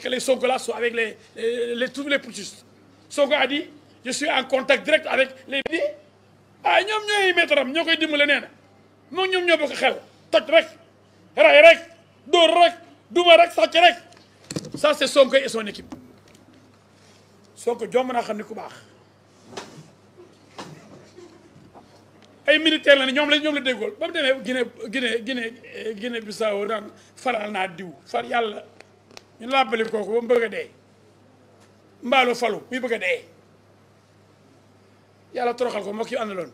parce que les Sonko là sont avec les, les, les tous les je suis en contact direct avec les di ah ñoom ñooy méttaram ñoo koy dimbale nee na moom ñoom ñoo bokk xel toj rek ray rek dóor rek duma rek sàcc rek ça c'est son équipe Sonko jomb naa xam baax ay militaire la ne ñoom la ñoom la déggool ba mu demee Guinée Guinée Guinée Guinée Bissau daan naa diw far yàlla ñu làbbali kooku ba mu bëgg falu muy bëgg a dee yàlla toroxal ko mbokk yu àndaloon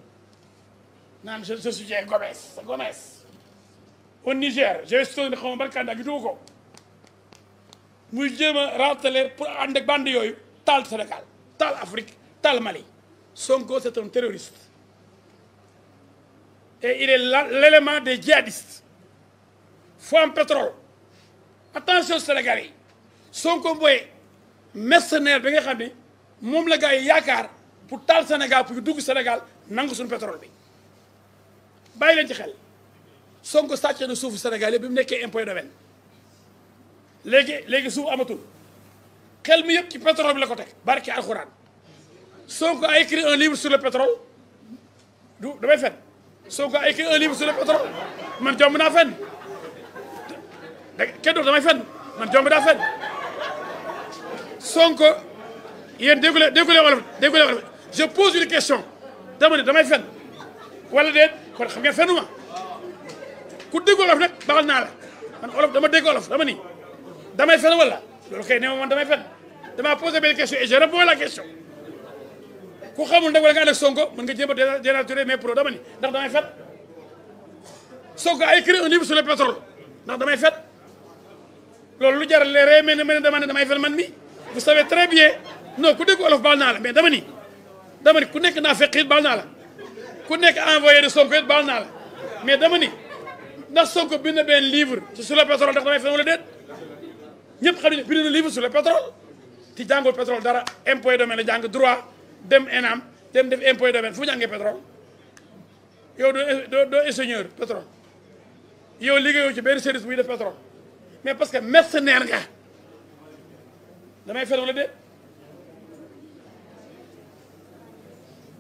naan je je Gomes Gomes au Niger j'ai stocké ne xaw ma ban ko muy jéem a raatale pour ànd ak yooyu taal Sénégal taal Afrique taal Mali Sonko c'est un terroriste et il est l'élément des djihadistes fu pétrole attention Sénégalais yi Sonko mooy mercenaire bi nga xam ne moom la gars yi yaakaar pour taal Sénégal pour dugg Sénégal nangu suñu pétrole bi bàyyi leen ci xel Sonko sàcce na suufu Sénégal yëpp bi mu nekkee impôt domaine léegi léegi suuf amatul xel mi yëpp ci pétrole bi la ko teg barke alxuraan Sonko a écrit un livre sur le pétrole du damay fen Sonko a un livre sur le man jomb naa fen kenn doon damay fen man jom bi daa feeñ Sonko yéen déggu leen déggu leen wala déggu leen je pose une question dama damay fen wala déet kon xam nga fenuma ku dégg olof nag baxal naa man olof dama dégg olof dama nii damay fen wala loolu kay nee man damay fen damaa posé benn question et je réponds la question ku xamul nag wala nga ànd Sonko mën nga jéem a dénaturer mes pro dama ni ndax damay fen Sonko a écrit un livre le pétrole ndax damay fen loolu lu jaral leeree mais ma ne ne damay fel man mi vous savez très bien non ku dégg olof baal naa la mais dama ni dama ku nekk naa fekk it baal naa la ku nekk envoyé de Sonko it baal naa la mais damani ni ndax Sonko bind na benn livre sur le pétrole ndax damay fen wala déet ñëpp xam ne bind na livre sur le pétrole te jàngul pétrole dara impôt et domaine la jàng droit dem ENAM dem def impôt et domaine fu mu jàngee pétrole yow doo doo ingénieur pétrole yow liggéeyoo ci benn service buy mais parce que mercenaire nga damay fen wala déet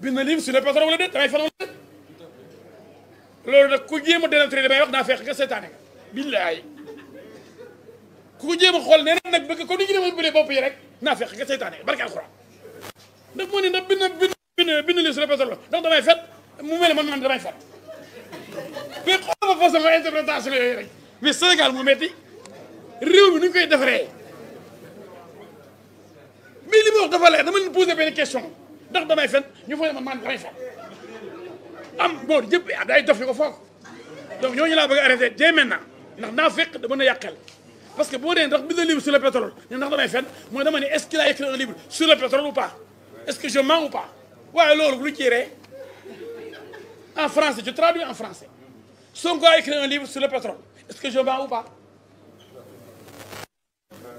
bind na livre sur le pétrole wala damay fen wala déet loolu nag ku jéem a dénaturer damay wax naa fekk nga seetaane nga billaay ku ko jéem a xool nee nag bëgg comme ni ñu demoon bële bopp yi rek naa fekk nga seetaane barke alxuraan ndax moo ne damay fen mu mel ne man man damay fen mais xool ma façon interprétation yooyu rek mais Sénégal mu metti réew mi nu ñu koy defaree mais li ma wax dafa leer dama leen posé benn question ndax damay fen ñu foog ne ma man damay fen am boor yëpp ah day dof ñu ko foog donc ñooñu laa bëgg a arrêté dès maintenant ndax naa fekk da mën parce que boo dee ndax bind livre sur le pétrole ñu ndax damay fen mooy dama ne est-ce qu'il a écrit un livre sur le pétrole ou pas est-ce que je mens ou pas waaye loolu bu ñu en français je traduis en français Sonko a écrit un livre sur le pétrole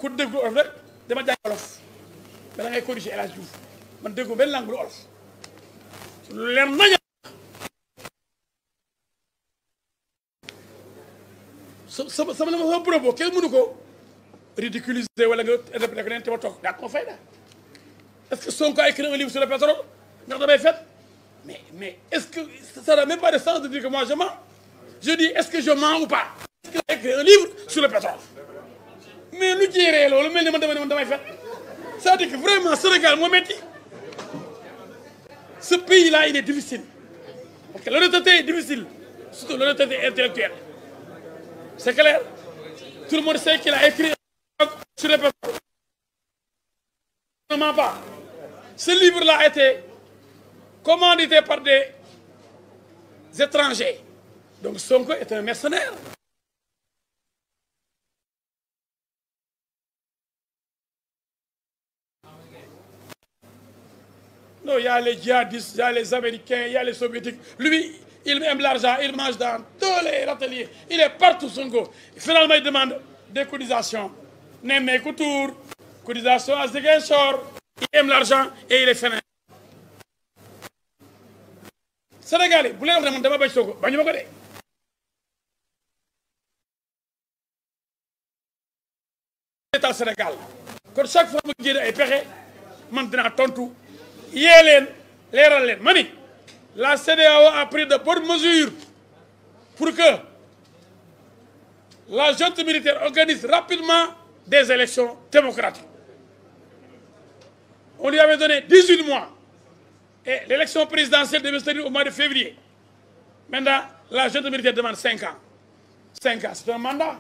ku déggu olof rek dama jàng olof mais da ngay corriger El man déggu benn langue lu olof lu leer nañu sama sama la ma sama propos kenn mënu ridiculiser wala nga interpréter ko neen te ma toog daa est-ce que Sonko a écrit un livre sur le pétrole ndax damay fet mais mais est-ce que ça n'a même pas de sens de dire que moi je je dis est-ce que je mens ou pas est-ce qu'il a écrit un livre sur le pétrole mais lu jéeree loolu mel ni man dama ne man c'est-à-dire que vraiment Sénégal moo metti ce pays là il est difficile parce que l'honnêteté intellectuelle c'est clair tout le monde sait qu'il a écrit sur les personnes par des étrangers donc Sonko est un mercenaire non y a les djihadistes y a les américains y a les soviétiques lui il aime l'argent il mange dans tous les râteliers il est partout Sonko finalement il demande des cotisations nemmeeku tuur cotisation à Ziguinchor il aime l'argent et il est fainéant Sénégalais bu leen wax ne man dama bañ Sonko bañu ma de état Sénégal kon chaque pexe man dinaa tontu yee leen leeral leen ma ni la CEDEAO a pris de bonnes mesures pour que la junte militaire organise rapidement des élections démocratiques. On lui avait donné 18 mois et l'élection présidentielle devait se tenir au mois de février. Maintenant, la junte militaire demande 5 ans. 5 ans, c'est un mandat.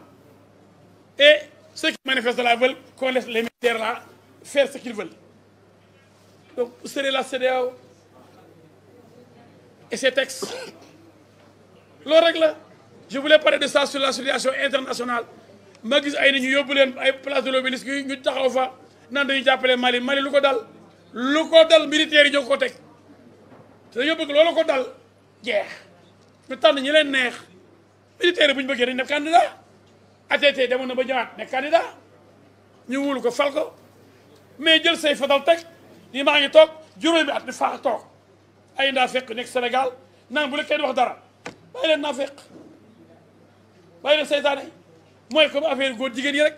Et ceux qui manifestent là veulent qu'on les militaires là faire ce qu'ils veulent. Donc, vous la CDAO et ses textes. loolu rek la je pare de ça sur la situation internationale ma gis ay nit ñu yóbbu leen ay place de l'Obélisque ñu taxaw fa nan dañuy jàppale Mali Mali lu ko dal lu ko dal militaire yi ñoo ko teg te dañoo bëgg loolu ko dal jeex ñu tànn ñi leen neex militaire yi bu ñu bëggee dañ nekk candidat ATT demoon na ba ñëwaat nekk candidat ñu wul ko fal ko mais jël say fatal teg nii maa ngi toog juróomi at di faa toog ay naa nekk Sénégal naan bu la kenn wax dara bàyyi leen naa fekk bàyyi leen mooy comme affaire góor jigéen yi rek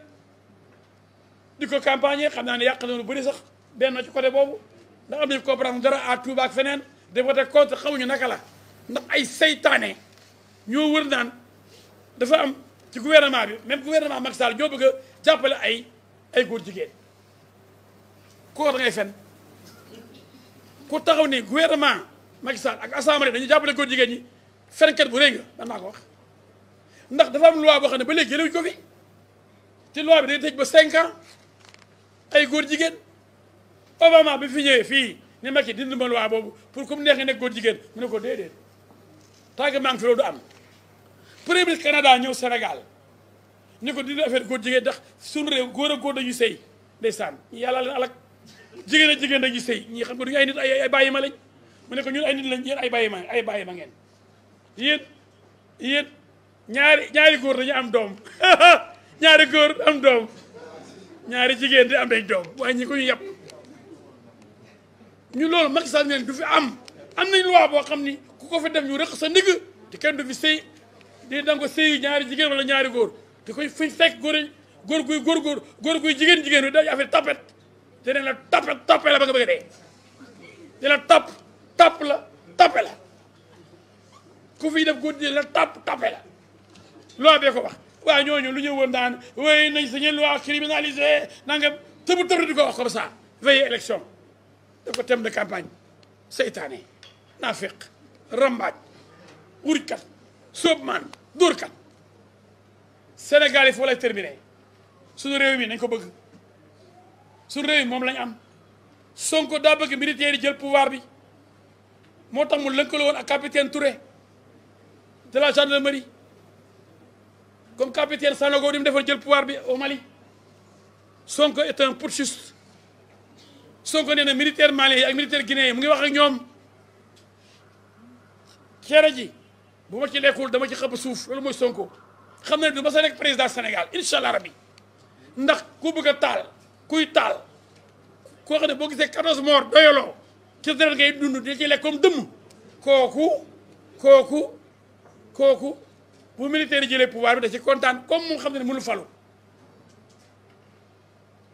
di ko campagne xam naa ne yàq na lu bëri sax benn ci côté boobu ndax am nañu comprendre dara à Touba ak feneen de voté contre xamuñu naka la ndax ay seytaane ñoo wër naan dafa am ci gouvernement bi même gouvernement Macky Sall ñoo bëgg a jàppale ay ay góor jigéen koo da ngay fen ku taxaw ni gouvernement Macky Sall ak assemblée dañu jàppale góor jigéen ñi fenkat bu rëy nga man naa ko ndax dafa am loi boo xam ne ba léegi jëlewuñ ko fi ci loi day tëj ba cinq ans ay góor jigéen Obama bi fi ñëwee fii ne Macky dindi ma loi boobu pour comme neex nga nekk góor jigéen mu ne ko déedéet tàgg maa ngi fi loolu am premier Canada ñëw Sénégal ñu ko dindi affaire góor jigéen ndax suñu réew góor ak góor dañuy sëy ndeysaan yàlla leen jigéen ak jigéen da dañuy sëy ñii xam nga duñu ay nit ay ay bàyyi ma mu ne ko ñun ay nit lañ yéen ay bàyyi ma ay bàyyi ma ngeen yéen yéen ñaari ñaari góor dañu am doom ñaari góor am doom ñaari jigéen di am dañ doom waaye ñi ko ñu yàpp ñu loolu Macky Sall neen du fi am am nañ loi boo xam ni ku ko fi def ñu rëq sa ndigg te kenn du fi sëy di danga ko sëy ñaari jigéen wala ñaari góor te koy fuñ fekk góor góor guy góor góor góor guy jigéen jigéen wi day affaire tapet dina la topp toppee la ba nga bëgg a dee dina la topp la toppee la ku fi def guddi la topp toppee la ko wax waaye ñooñu lu ñu woon daan wéy nañ sañu loi criminalisé na nga tëb tëb di ko wax comme saa veille élection de campagne seytaane naafiq rambaaj wurkat sóobmaan dóorkat Sénégal yi foo lay terminé suñu réew mi nañ ko bëgg su réew moom lañ am Sonko daa bëgg militaire yi jël pouvoir bi moo tax mu lëkkaloo woon ak capitaine Touré de la gendarmerie comme capitaine Sanogo di mu defoon jël pouvoir bi au Mali Sonko est un putschiste Sonko nee na militaire malien yi ak militaire guinéen mu ngi wax ak ñoom cere ji bu ci lekkul dama ci xëpp suuf loolu mooy Sonko xam na ne du ma sa président Sénégal incha allah rabi ndax ku bëgg a taal. kuy taal koo xam ne boo gisee quatorze morts doyaloo ci deret ngay dund di ci lekk comme dëmm kooku kooku kooku bu militaire yi pouvoir bi da ci kontaan comme mu xam ne mënul falu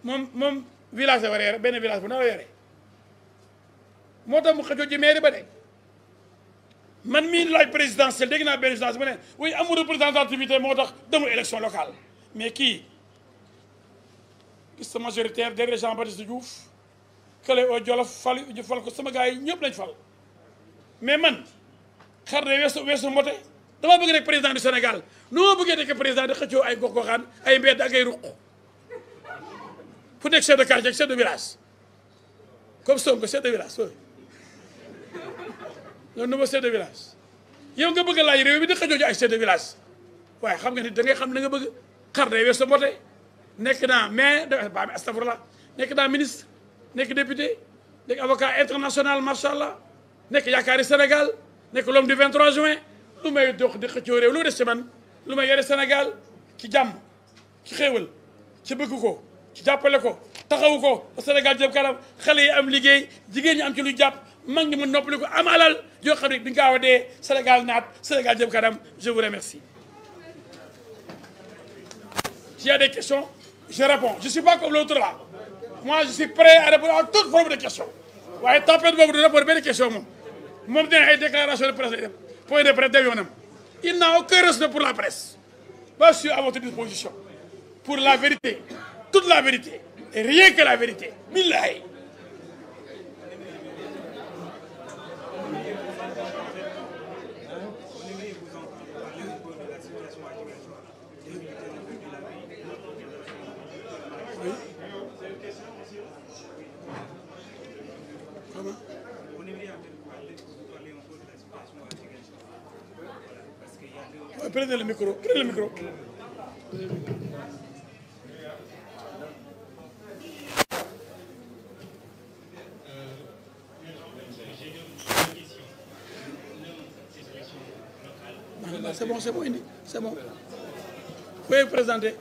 moom moom village la war a yore village bu na la yore moo tax mu xëccoo ci mairie ba de man mii laaj présidentielle dégg naa benn mu ne oui amul représentativité moo tax demul élection locale mais kii liste majoritaire derrière Jean Baptiste Diouf kële oo Jolof fal ñu fal ko sama gars yi ñëpp lañ fal mais man xar ne weesu weesu mbote dama bëgg nekk président du Sénégal nu ma bëggee nekk président di xëccoo ay gox-goxaan ay mbedd ak ay ruq fu nekk chef de quartier chef de comme Sonko chef de village yow nga bëgg laaj réew mi di xëccoo ci ay chef de waaye xam nga ni da ngay xam na nga bëgg xar ne weesu mbote. nekk naa mais dafa baa mi nekk naa ministre nekk député nekk avocat international macha allah nekk yaakaari Sénégal nekk l'homme du 23 juin lu may dox de xëccoo réew lu des ci man lu may yore Sénégal ci jàmm ci xéewal ci bëgg ko ci jàppale ko taxawu ko Sénégal jëm kanam xale yi am liggéey jigéen ñi am ci lu jàpp mag ñi mu noppali ko am alal yoo xam ne di nga dee Sénégal naat Sénégal jëm kanam je vous remercie. S'il y a je réponds je suis pas comme l'autre là moi je suis prêt à répondre à toute forme de question waaye tapette boobu du répondre benn question moom moom déclaration de presse point de presse dem il n'a aucun respect pour la presse moi je à votre disposition pour la vérité toute la vérité et rien que la vérité billahi prenez ah, C'est bon, c'est bon, c'est bon. Vous présenter.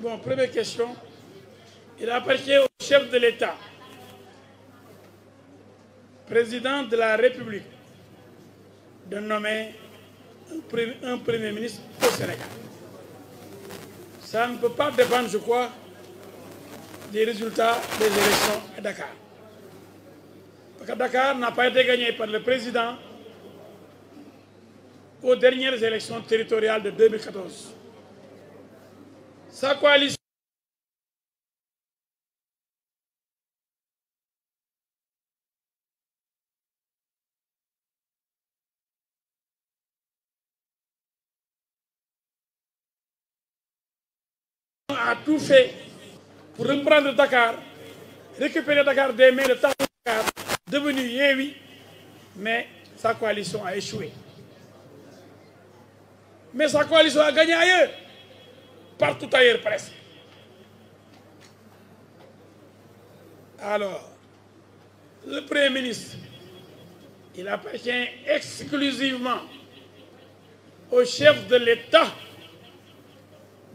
Bon, première question. Il appartient au chef de l'État, président de la République, de nommer un premier ministre au Sénégal. Ça ne peut pas dépendre, je crois, des résultats des élections à Dakar. Parce que Dakar n'a pas été gagné par le président aux dernières élections territoriales de 2014. sa coalition a tout fait pour reprendre Dakar récupérer Dakar des de Taxawu Dakar devenu Yewwi mais sa coalition a échoué mais sa coalition a gagné ailleurs partout ailleurs presque. Alors, le Premier ministre, il appartient exclusivement au chef de l'État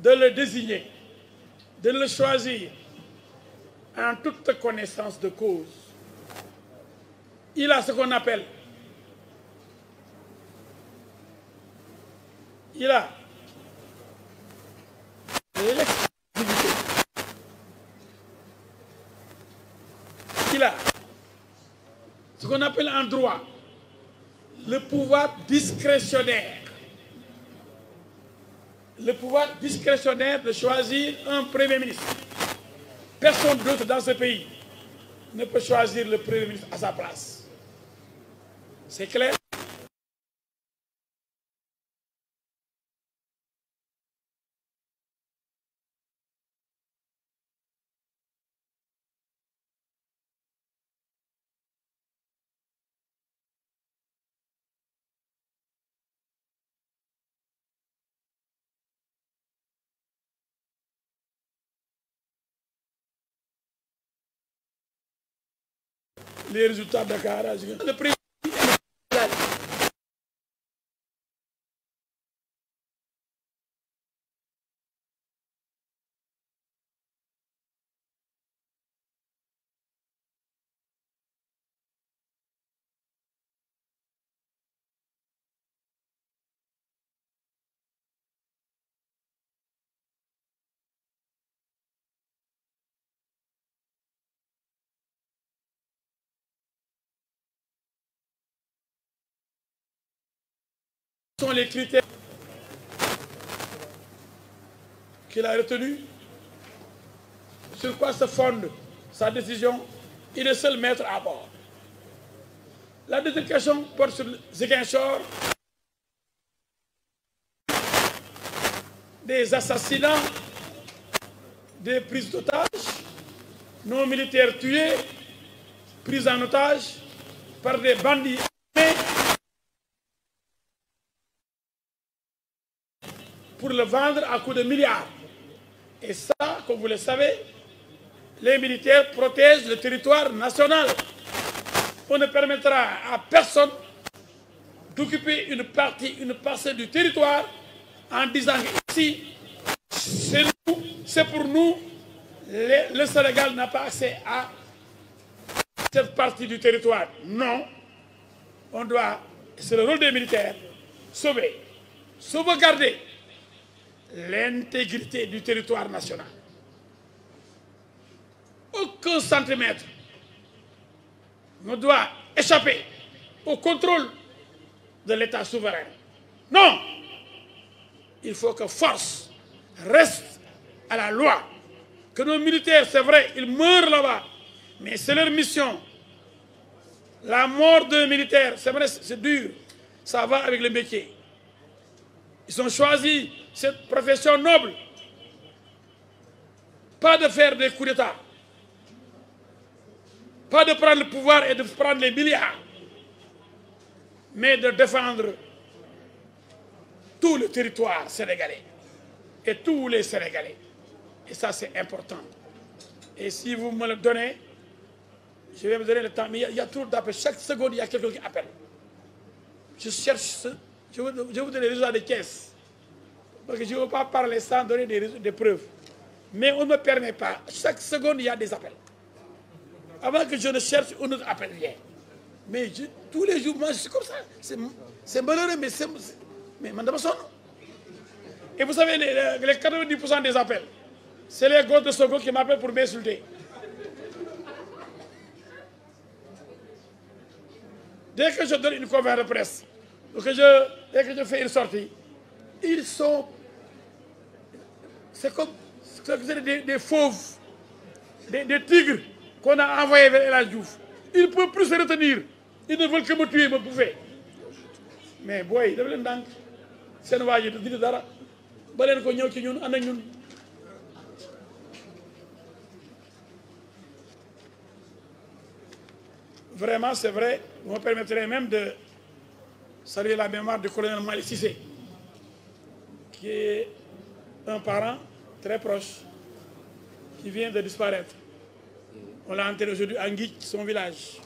de le désigner, de le choisir en toute connaissance de cause. Il a ce qu'on appelle, il a léeg-léeg qu'il a ce le pouvoir discrétionnaire le pouvoir discrétionnaire choisir un premier ministre personne d'autre dans ce pays ne peut choisir le premier ministre à sa place c'est clair les résultats de Dakar. Le président sont les critères qu'il a retenus Sur quoi se fonde sa décision Il est seul maître à bord. La deuxième question porte sur Ziguinchor. Des assassinats, des prises d'otages, nos militaires tués, pris en otage par des bandits. le vendre à coût de milliards. Et ça, comme vous le savez, les militaires protègent le territoire national. On ne permettra à personne d'occuper une partie, une parcelle du territoire en disant ici, c'est nous, pour nous, le, le Sénégal n'a pas accès à cette partie du territoire. Non, on doit, c'est le rôle des militaires, sauver, sauvegarder l'intégrité du territoire national. Aucun centimètre ne doit échapper au contrôle de l'État souverain. Non, il faut que force reste à la loi. Que nos militaires, c'est vrai, ils meurent là-bas, mais c'est leur mission. La mort d'un militaire, c'est vrai, c'est va avec le métier. Ils ont choisi cette profession noble, pas de faire des coups d'État, pas de prendre le pouvoir et de prendre les milliards, mais de défendre tout le territoire sénégalais et tous les Sénégalais. Et ça, c'est important. Et si vous me le donnez, je vais me donner le temps. Mais il y, a, toujours d'appel. Chaque seconde, il y a quelqu'un appelle. Je cherche ce Je vous, je vous donne les résultats de Thiès. Parce que je ne veux pas parler sans donner des, des preuves. Mais on ne permet pas. Chaque seconde, il y a des appels. Avant que je ne cherche un autre appel, rien. Mais tous les jours, moi, je suis comme ça. C'est malheureux, mais c'est... Mais madame Son. Et vous savez, les, les des appels, c'est les gosses de qui m'appellent pour m'insulter. Dès que que je, dès que je C'est des, des, fauves, des, des tigres qu'on a envoyés vers la Diouf. Ils ne peuvent plus se retenir. Ils ne veulent que me tuer, me bouffer. Mais boy, daf leen dànk seen waa ji di dara ba leen ko ñëw ci ñun ànd ak ñun vraiment c'est vrai vous me permettrez même de saluer la mémoire du colonel Malick Cissé, qui est un parent très proche, qui vient de disparaître. On l'a enterré aujourd'hui à Nguitch, son village.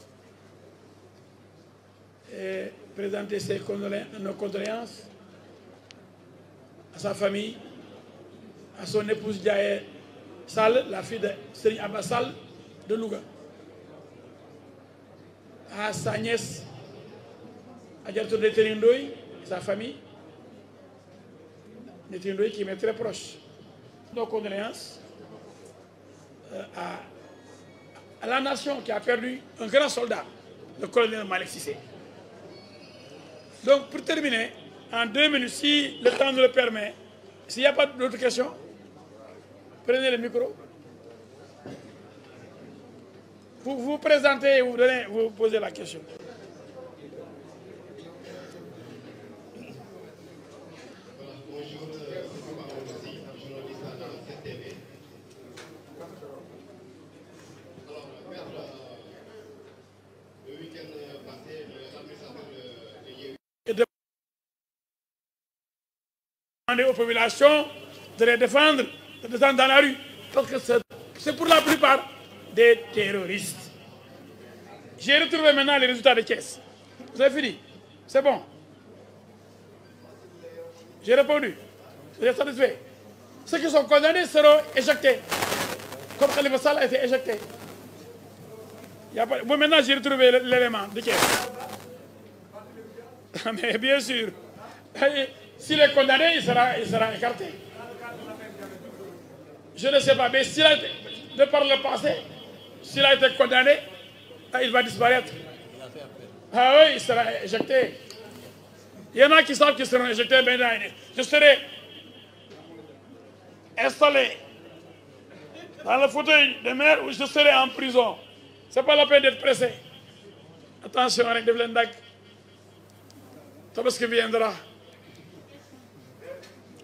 Et présenter ses nos condoléances à sa famille, à son épouse Diaye Sall, la fille de Serigne Abba Sall de Louga, à sa nièce Adjaratou Nétérine Ndoye sa famille qui m'est très proche nos condoléances euh, à à la nation qui a perdu un grand soldat le colonel Malick donc pour terminer en deux minutes si le temps nous le permet s'il n'y a pas d'autres questions prenez le micro vous présenter vous donner la question populations, de les défendre, de descendre dans la rue. Parce que c'est pour la plupart des terroristes. J'ai retrouvé maintenant les résultats de Thiès. Vous avez fini C'est bon J'ai répondu. Vous qui sont condamnés seront éjectés. Comme Khalifa Sall a été éjecté. Moi, maintenant, j'ai retrouvé l'élément de Thiès. bien sûr. S'il est condamné, il sera, écarté. Je ne sais pas, mais s'il a été, de par le passé, s'il a été condamné, ah, il va disparaître. Ah oui, il sera éjecté. Il y en a qui savent qu'ils seront éjectés maintenant. dans le fauteuil de maire où je serai en prison. C'est pas la peine d'être pressé. Attention, avec des blindags. Tabaski viendra.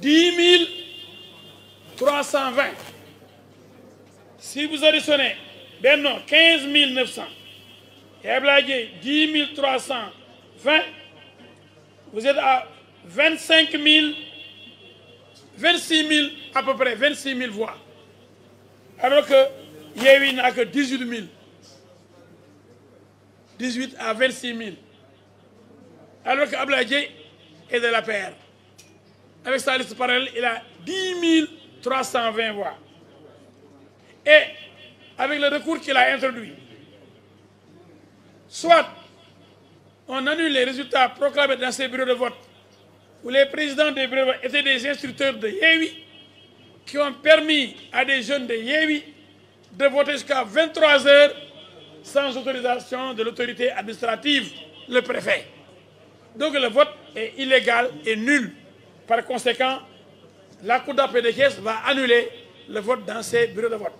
dix mille trois cent vingt si vous quinze mille neuf cent et Abdoulaye mille trois cent vingt vous à vingt cinq mille vingt six mille à peu près vingt six mille voix alors que Yewwi n'a que dix huit mille à vingt six mille alors que Abdoulaye Dièye avec sa liste parallèle, il a 10 320 voix. Et avec le recours qu'il a introduit, soit on annule les résultats proclamés dans ces de vote, où les présidents des bureaux de vote étaient des instructeurs de Yewi, qui ont permis à des jeunes de Yewi de voter jusqu'à 23 heures sans autorisation de l'autorité administrative, le préfet. Donc le vote est illégal et nul. Par conséquent, la Cour d'appel de Thiès va annuler le vote dans ses bureaux de vote.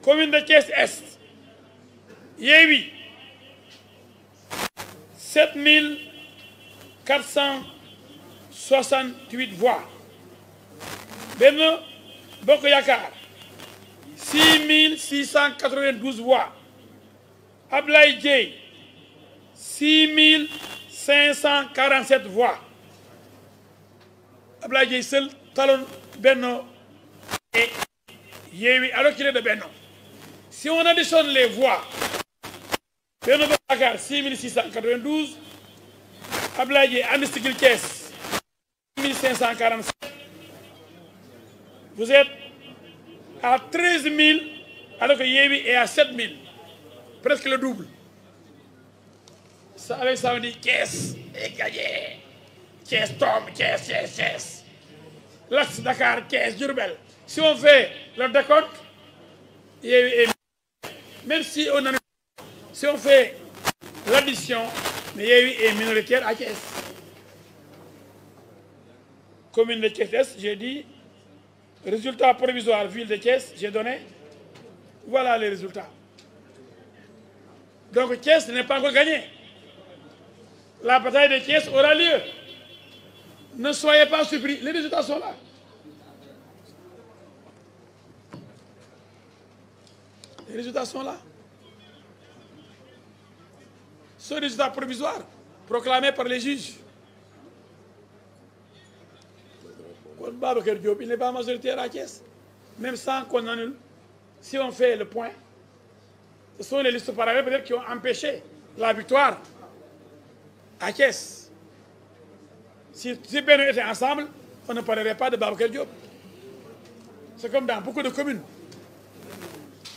Commune de Thiès-Est, Yéwi, 7468 voix. Benno Bokk Yakaar, 6692 voix. Ablaye Dièye, 6547 voix. Abdoulaye Dieye seul talonne Benno et Yewwi alors de Benno. Si on additionne les voix, Benno Bokk Yaakaar 6692, Abdoulaye Dieye And Siggil Thiès 6547, vous êtes à 13 000 alors que Yewwi est à 7 presque le double. Ça, avec ça, on dit Thiès Thiès tombe, Thiès, Thiès, Thiès. L'axe Dakar, Thiès, Durbel. Si on fait le décompte, même si on fait l'addition, mais Yéwi minoritaire à Thiès. Commune de Thiès, j'ai dit, résultat provisoire, ville de Thiès, j'ai donné. Voilà les résultats. Donc Thiès n'est pas encore gagné. La bataille de Thiès aura lieu. Ne soyez pas surpris, les résultats sont là. Les résultats résultat provisoire, proclamé par les juges. Kon Babacar Diop, il n'est pas majoritaire à Thiès. Même sans qu'on annule, si on fait le point, ce sont les listes parallèles peut-être qui ont empêché la victoire à Thiès. Si, si Beno était ensemble, on ne parlerait pas de Babacar Diop. C'est comme dans beaucoup de communes.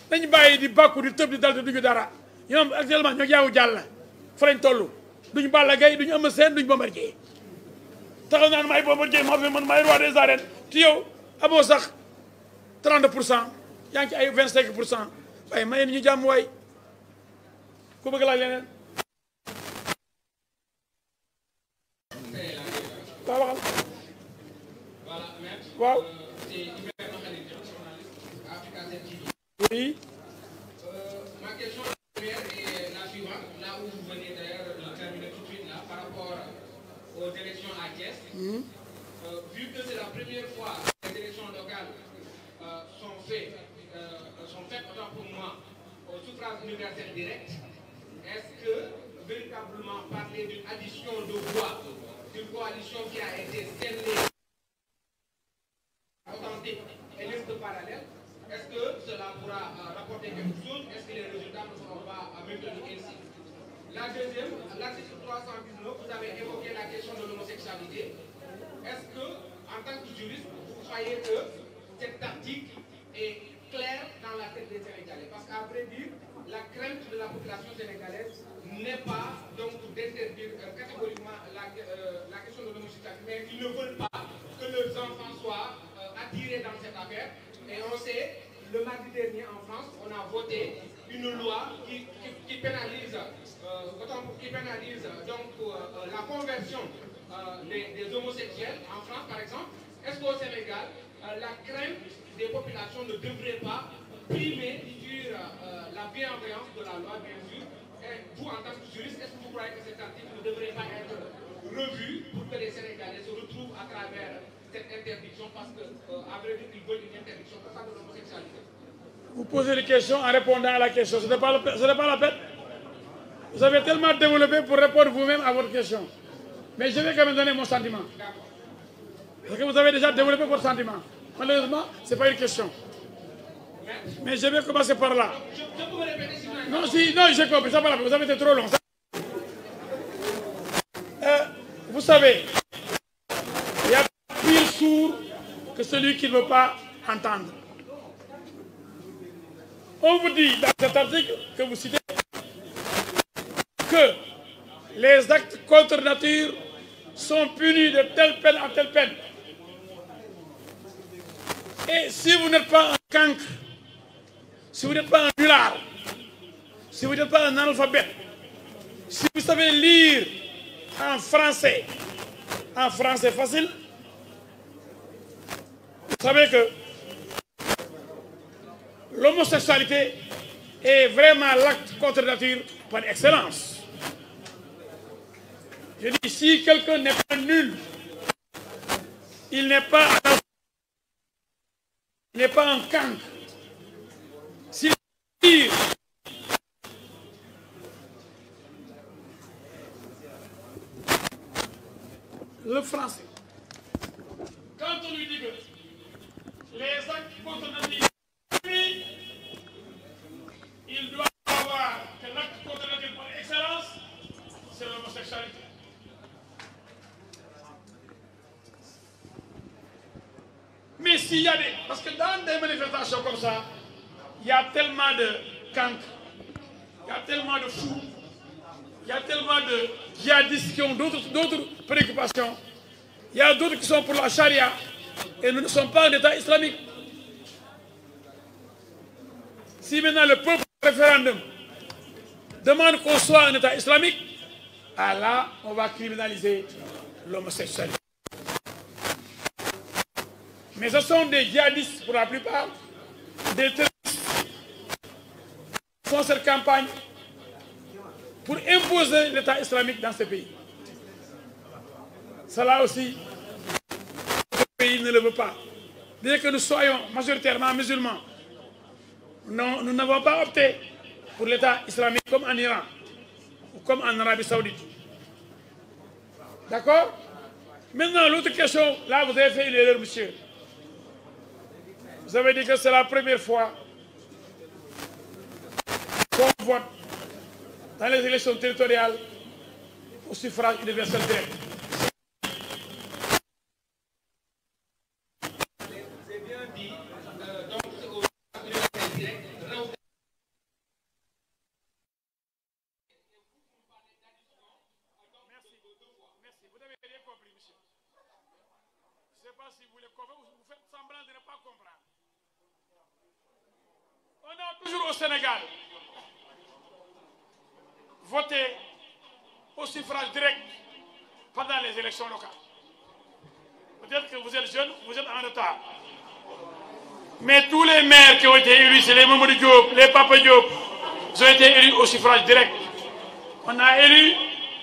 dañu bàyyi di bàkku di tëb di dal te duñu dara ñoom actuellement ñoo jaawu jàll fa lañ toll duñu Balla Gaye duñu seen Sène duñu Bombardier taxaw naan maay Bombardier moo fi man maay roi des arènes te yow amoo sax 30 pour cent yaa ngi ci ay 25 pour cent waaye may ñu jàmm waay ku bëgg laaj leneen waaw waxal. waaw. oui. aux élections à Thiès. Mmh. Euh, vu que c'est la première fois que les élections locales euh, sont faites, euh, sont faites autant pour moi, au suffrage universel direct, est-ce que véritablement parler d'une addition de voix d'une coalition qui a été scellée authentique et liste parallèle, est-ce que cela pourra euh, rapporter quelque chose Est-ce que les résultats ne seront pas euh, maintenus ainsi La deuxième, l'article vous avez évoqué la question de l'homosexualité. Est-ce que, en tant que juriste, vous croyez que cet article est clair dans la tête des Sénégalais Parce qu'après dire, la crainte de la population sénégalaise n'est pas donc d'interdire euh, catégoriquement euh, la, question de l'homosexualité, mais ils ne veulent pas que leurs enfants soient euh, attirés dans cette affaire. Et on sait, le mardi dernier en France, on a voté une loi qui, pénalise, donc, la conversion des, homosexuels en France, par exemple. Est-ce qu'au Sénégal, la crainte des populations ne devrait pas primer la bienveillance de la loi, bien sûr. Et vous, en pour que les Sénégalais se retrouvent euh, une interdiction en répondant à la question. Ce n'est pas, la peine. Vous avez tellement développé pour répondre vous-même à votre question. Mais je vais quand mon sentiment. Parce vous avez déjà développé votre sentiment. Malheureusement, ce n'est une question. Mais je vais commencer par là. Non, si, non, j'ai compris, ça là, vous avez été trop long. Euh, vous savez, il y a pire sourd que celui qui ne veut pas entendre. On vous dit dans cet article que vous citez que les actes contre nature sont punis de telle peine à telle peine. Et si vous n'êtes pas un cancre, Si vous n'êtes pas un mulard, si vous savez lire en français, en français facile, vous savez que l'homosexualité est vraiment l'acte contre nature par excellence. Je dis, si quelqu'un n'est pas nul, il n'est pas, un cancre, le français. Quand on lui dit que les actes contre lui, il doit savoir que l'acte Mais s'il y a des... que dans des manifestations comme ça, il y a tellement de cancres, il y a tellement de fous, il y a tellement de djihadistes qui ont d'autres préoccupations. Il y a d'autres qui sont pour la charia et nous ne sommes pas un État islamique. Si maintenant le peuple référendum demande qu'on soit un État islamique, ah on va criminaliser l'homosexualité. Mais ce sont des djihadistes pour la plupart, des terroristes qui cette campagne pour imposer l'État islamique dans ce pays. Cela aussi, ne le veut pas. Dès que nous soyons majoritairement musulmans, nous n'avons pas opté pour l'État islamique comme en Iran ou comme en Arabie Saoudite. D'accord Maintenant, l'autre question, là vous avez fait une erreur, monsieur. Vous avez dit que c'est la première fois dans les élections territoriales au suffrage universel direct. été élus, c'est les Mamadou Diop, les Papa Diop. Ils ont été au suffrage direct. On a élu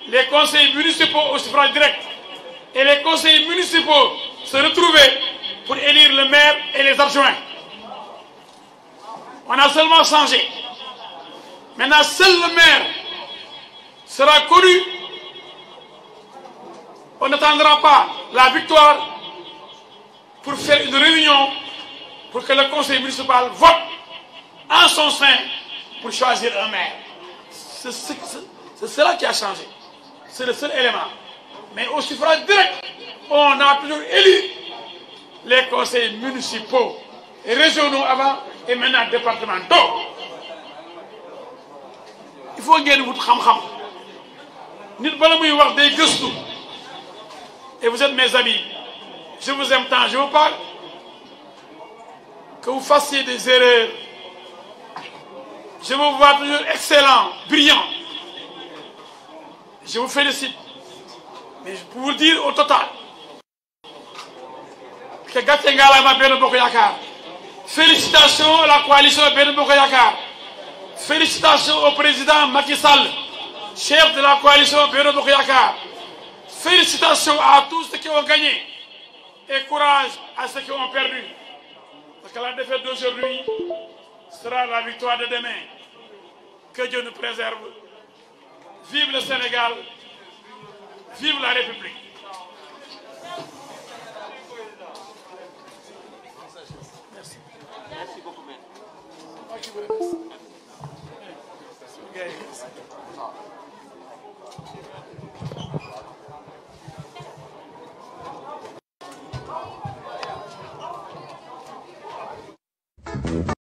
les conseils municipaux au suffrage direct. Et les conseils municipaux se retrouvaient pour élire le maire et les adjoints. On a seulement changé. Maintenant, seul le maire sera connu. On n'attendra pas la victoire pour faire une réunion pour que le conseil municipal vote en son sein pour choisir un maire. C'est cela qui a changé. C'est le seul élément. Mais au suffrage direct, on a toujours élu les conseils municipaux, et régionaux avant et maintenant départementaux. Il faut ngeen wut xam-xam nit bala muy wax day gëstu et vous êtes mes amis je vous aime tant je vous parle. que vous fassiez des erreurs. Je vous vois toujours excellent, brillant. Je vous félicite. Mais je dire au total que Gatengalama Beno Bokoyakar. Félicitations à la coalition Beno Bokoyakar. Félicitations au président Macky chef de la coalition Beno Bokoyakar. Félicitations à tous ceux qui ont gagné et courage à ceux qui ont perdu. que la défaite d'aujourd'hui sera la victoire de demain. Que Dieu nous préserve. Vive le Sénégal. Vive la République. Merci. Merci beaucoup, Merci.